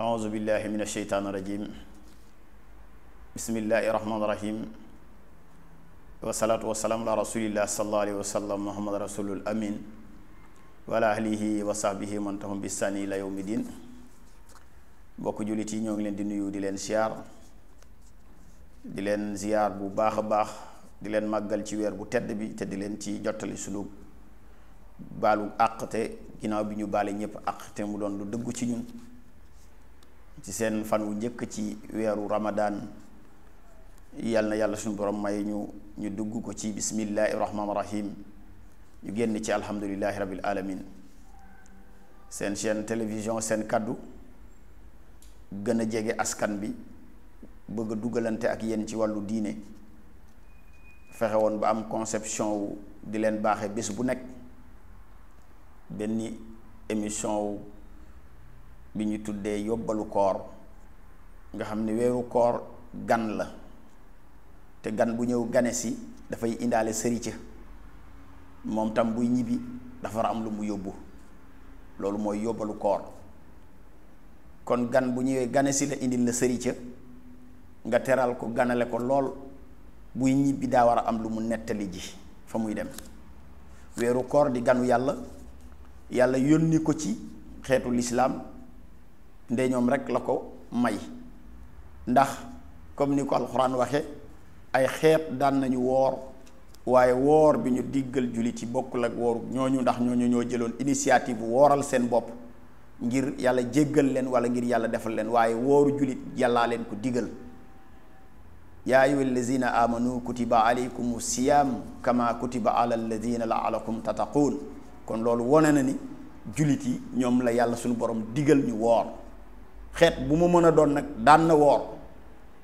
أعوذ بالله من الشيطان الرجيم بسم الله الرحمن الرحيم والصلاة والسلام على رسول الله صلى الله عليه وسلم محمد رسول الأمين وعلى أهله وصحبه من تهم بإحسان إلى يوم الدين mbokk جوليتي نيو ñoo دي نيو دي لين di دي لين زيار بو باخ باخ دي لين baax di وير بو ci بي bu لين bi te di بالو اقته ginnaaw bi ñu baale ñëpp ak te mu doon lu dëggu ci ñun ci seen fan wu njëkk ci weeru ramadaan yàlla na yàlla suñu borom may ñu ñu dugg ko ci bismillahi rahmaani rahim ñu génn ci alhamdulillahi rabbil alamin seen chaîne télévision seen kàddu gën a jege askan bi bëgg a dugalante ak yéen ci wàllu diine fexewoon woon ba am conception wu di leen baaxe bés bu nekk benn émission wu bi ñu tuddee yóbbalu koor nga xam ne weeru koor gan la te gan bu ñëw gane si dafay indaale sërica moom tam buy ñibbi dafa war am lu mu yóbbu loolu mooy yóbbalu koor kon gan bu ñëwee gane si la indil la sërica nga teral ko ganale ko lool buy ñibbi daa war a am lu mu nettali ji fa muy dem weeru koor di ganu yàlla yàlla yónni ko ci xeetu lislaam ndee ñoom rek la ko may ndax comme ni ko alxuraan waxe ay xeet daan nañu woor waaye woor bi ñu diggal jullit yi bokkul ak wooru ñooñu ndax ñooñu ñoo jëloon initiative wooral seen bopp ngir yàlla jéggal leen wala ngir yàlla defal leen waaye wooru jullit yàllaa leen ko digal yaa ayyuha allazina amanu kutiba alaykum siyam kama kutiba ala allazina laalakum tattaquun kon loolu wone na ni julit yi ñoom la yàlla suñu borom digal ñu woor xeet bu mu mën a doon nag daan na woor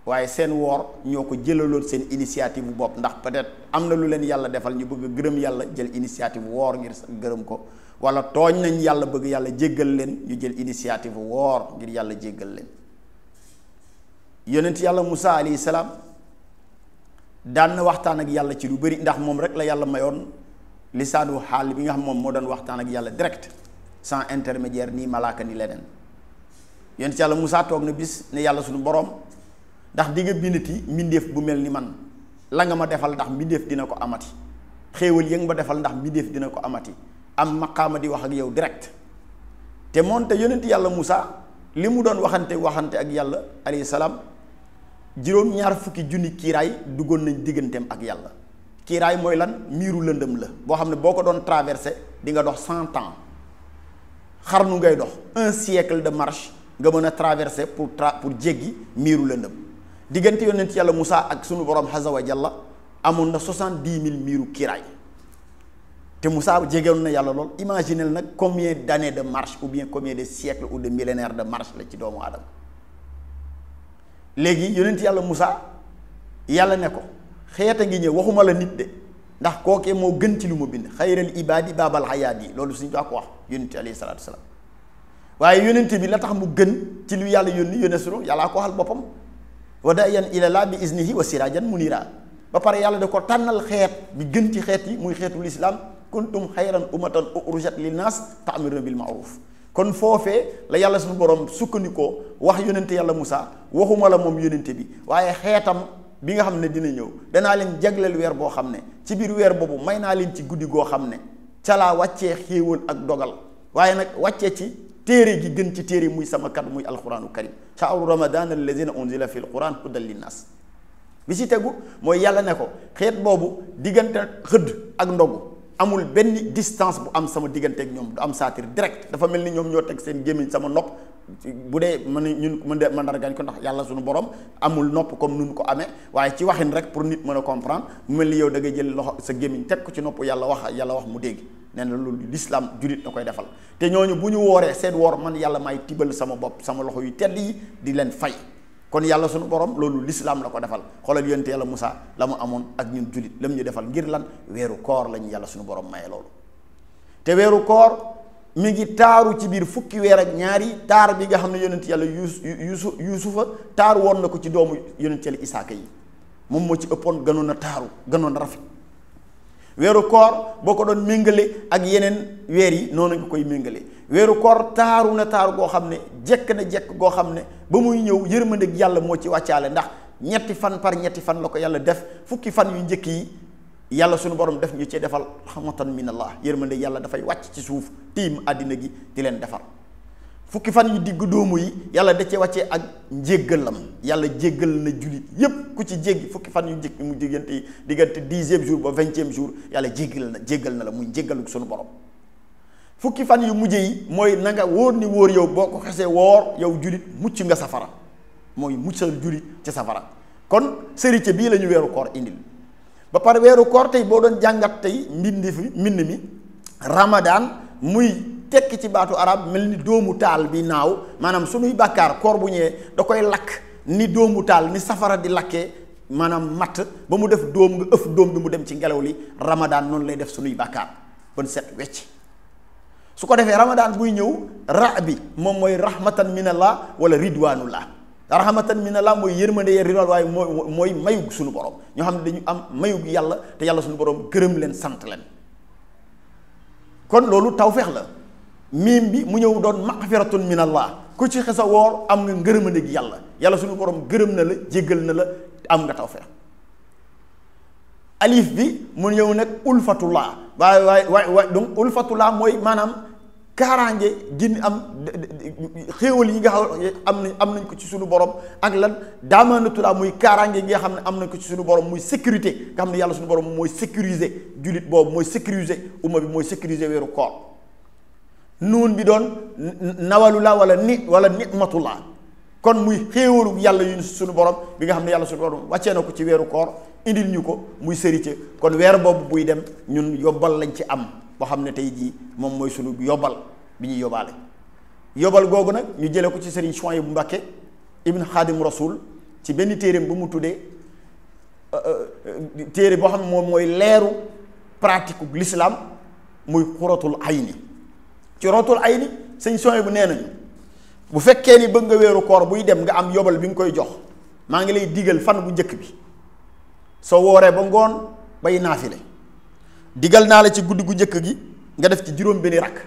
waaye seen woor ñoo ko jëlaloon seen initiative bu bopp ndax peut-être am na lu leen yàlla defal ñu bëgg gërëm yàlla jël initiative woor ngir gërëm ko wala tooñ nañ yàlla bëgg yàlla jéggal leen ñu jël initiative woor ngir yàlla jéggal leen yonent yàlla musa alayhi salaam daan na waxtaan ak yàlla ci lu bari ndax moom rek la yàlla mayoon lisaanu xaal bi nga xam moom moo doon waxtaan ak yàlla direct sans intermédiaire nii malaaka ni leneen yonent yàlla Moussa toog na bis ne yàlla suñu boroom ndax dinga nga bindati mbindeef bu mel ni man la nga ma defal ndax mbindeef dina ko amati xéewal yëngu ma defal ndax mbindeef dina ko amati am makaama di wax ak yow direct te moonte yonent yàlla Moussa li mu doon waxante waxante ak yàlla alayhi salaam juróom ñaar fukki junni kiiraay duggoon nañ digganteem ak yàlla kiiraay mooy lan miiru lëndëm la boo xam ne boo ko di nga dox cent ans xarnu ngay dox un siècle de marche nga mën a traversé pour pour jéggi miru lëndëm diggante yonent yàlla Moussa ak sunu borom Hazawajalla wa Jalla amoon na soixante dix mille miiru kiiraay te Moussa jegewoon na yàlla lool imaginel nag combien d'années de marche ou bien combien de siècles ou de millénaires de marche la ci doomu aadama léegi yonent yàlla Moussa yàlla ne xeet a ngi ñëw waxuma la nit de ndax kookee moo gën ci lu mu bind xayral ibaadi baabal xayaat yi loolu suñ daa ko wax yónente alayhi salaatu waaye yónente bi la tax mu gën ci lu yàlla yónni yónne sunu yàllaa ko waxal boppam wa daayan ilallah bi iznihi wa siraajan munira ba pare yàlla da ko tànnal xeet bi gën ci xeet yi muy xeetul islaam kuntum xayran umatan urujat linnaas ta'muruna bil ma'ruf kon foofee la yàlla suñu borom sukkandikoo wax yónente yàlla Moussa waxuma la moom yónente bi waaye xeetam bi nga xam ne dina ñëw danaa leen jagleel weer boo xam ne ci biir weer boobu may naa leen ci guddi goo xam ne ca laa wàccee xéewal ak dogal waaye nag wàccee ci téere gi gën ci téere muy sama kat muy alquranu karim shahru ramadan allazina unzila fi alquran hudan linnas bi si tegu mooy yàlla ne ko xeet boobu diggante xëdd ak ndogu amul benn distance bu am sama diggante ak ñoom du am saatir direct dafa mel ni ñoom ñoo teg seen gémmiñ sama nopp bu dee mën ñun mën de mandargañ ko ndax yàlla suñu borom amul nopp comme nun ko amee waaye ci waxin rek pour nit mën a comprendre mu mel ni yow da jël loxo sa gémmiñ teg ko ci noppu yàlla wax yàlla wax mu dégg nee na loolu lislaam julit na koy defal te ñoo ñu bu ñu wooree seen woor man yàlla may tibal sama bopp sama loxo yu tedd yi di leen fay kon yàlla suñu borom loolu lislaam la ko defal xoolal yonte yàlla Moussa la mu amoon ak ñun julit lam ñu defal ngir lan weeru koor lañu yàlla suñu borom maye loolu mi ngi taaru ci biir fukki weer ak ñaari taar bi nga xam ne yonent yàlla yuusu yuusufa taar woon la ko ci doomu yonent yàlla isaaka yi moom moo ci ëppoon gënoon a taaru gënoon a rafet weeru koor boo ko doon méngale ak yeneen weer yi noonu nga koy méngale weeru koor taaru na taaru goo xam ne jekk na jekk goo xam ne ba muy ñëw yërmandeg yàlla moo ci wàccaale ndax ñetti fan par ñetti fan la ko yàlla def fukki fan yu njëkk yi yàlla suñu borom def ñu ci defal rahmatan min allah yërmande yàlla dafay wàcc ci suuf tiim àddina gi di leen defar fukki fan yu digg doomu yi yàlla de cee wàccee ak njéggalam yàlla jéggal na jullit yépp ku ci jéggi fukki fan yu jëkk mu diggante diggante dixième jour ba vingtième jour yàlla jéggal na jéggal na la muy njéggalu suñu borom fukki fan yu mujj yi mooy na nga wóor ni wóor yow boo ko xasee woor yow jullit mucc nga safara mooy muccal jullit ci safara kon sérité bii la ñu weeru koor indil ba pare weeru koor tey boo doon jàngat tey mbindi fi mbind mi ramadan muy tekk ci baatu arab mel ni doomu taal bi naaw maanaam suñuy bàkkaar koor bu ñëwee da koy lakk ni doomu taal ni safara di lakkee maanaam matt ba mu def doom nga ëf doom bi mu dem ci ngelaw li ramadan noonu lay def suñuy bàkkaar bon set wecc su ko defee ramadan buy ñëw ra bi moom mooy rahmatan minallah wala ridwanullah rahmatan min Allah moy yërmande ya rinal waaye mooy mayug suñu borom ñu xamne dañu am mayug yàlla te yàlla suñu borom gërëm leen sant leen kon lolu tawfiq la mim bi mu ñëw doon maxfiratun min Allah ku ci xessa wor am nga ngërëmande gi yàlla yàlla suñu borom gërëm na la jéggel na la am nga tawfiq alif bi mu ñëw nak ulfatullah way way way donc ulfatullah moy manam kaaraange gin am xéewal yi nga xam am nañ am nañ ko ci sunu borom ak lan daamaanatulaa muy kaaraange yi nga xam ne am nañ ko ci suñu borom muy sécurité nga xam ne yàlla suñu borom mooy sécuriser jullit boobu mooy sécuriser umma mooy sécuriser weeru koor nuun bi doon nawalulaa wala ni wala nimatulaa kon muy xéewalu yàlla yu sunu borom bi nga xam ne yàlla suñu borom wàccee na ko ci weeru koor indil ñu ko muy sérité kon weer boobu buy dem ñun yobbal lañ ci am boo xam ne tey jii moom mooy sunu yobbal bi ñuy yóbbaale yóbbal googu nag ñu jële ko ci sëriñ Chouaïb bu Mbàkke ibn Xaadim Rasul ci benn téereem bu mu tuddee euh, euh, téere boo xam ne moom mooy leeru pratique gu lislaam muy xuratul ayni ci xuratul ayni sëñ Chouaïb bu nee nañu bu fekkee ni bëgg nga weeru koor buy dem nga am yóbbal bi nga koy jox maa ngi lay digal fan bu njëkk bi soo wooree ba ngoon bay naafile digal naa la ci guddi gu njëkk gi nga def ci juróom benni rakk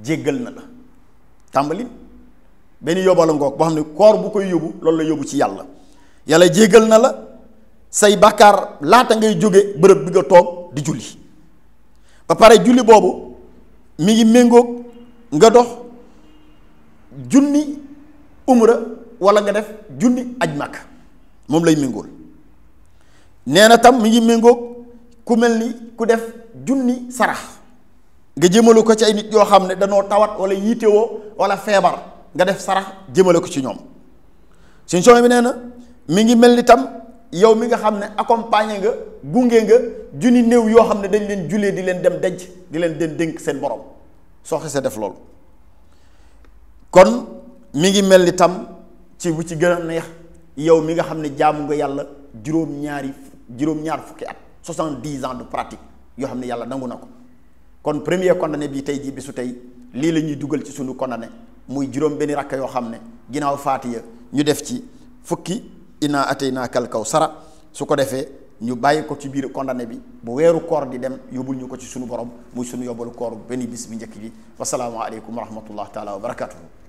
jéggal na la tàmbali benn yóbbala ngoog boo xam ne koor bu koy yóbbu loolu la yóbbu ci yàlla yàlla jéggal na la say bàkkaar laata ngay jóge bërëb bi nga toog di julli ba pare julli boobu mi ngi méngook nga dox junni umra walla nga def junni aj màkk moom lay méngool nee na tam mi ngi méngook ku mel ni ku def junni sarax nga jëmale ko ci ay nit yoo xam ne danoo tawat wala yiitewoo wala feebar nga def sarax jëmale ko ci ñoom suñ soxna bi nee na mi ngi mel ni tam yow mi nga xam ne accompagné nga gunge nga junni néew yoo xam ne dañ leen jullee di leen dem denc di leen den dénk seen borom soo xasee def loolu kon mi ngi mel ni tam ci ci gën neex yow mi nga xam ne jaamu nga yàlla juróom-ñaari juróom-ñaar fukki at soixante-dix ans de pratique yoo xam ne yàlla nangu na ko kon premier condamné bi tey jii bisu tey lii la ñuy dugal ci sunu kondane muy juróom benni rakk yoo xam ne ginnaaw faatiya ñu def ci fukki inna ataynaakal kawsara su ko defee ñu bàyyi ko ci biir condamné bi bu weeru koor di dem yóbbul ñu ko ci sunu borom muy sunu yóbbalu koor bu benn bis bu njëkk bi wasalaamualeykum wa rahmatullah taala wa barakatuhu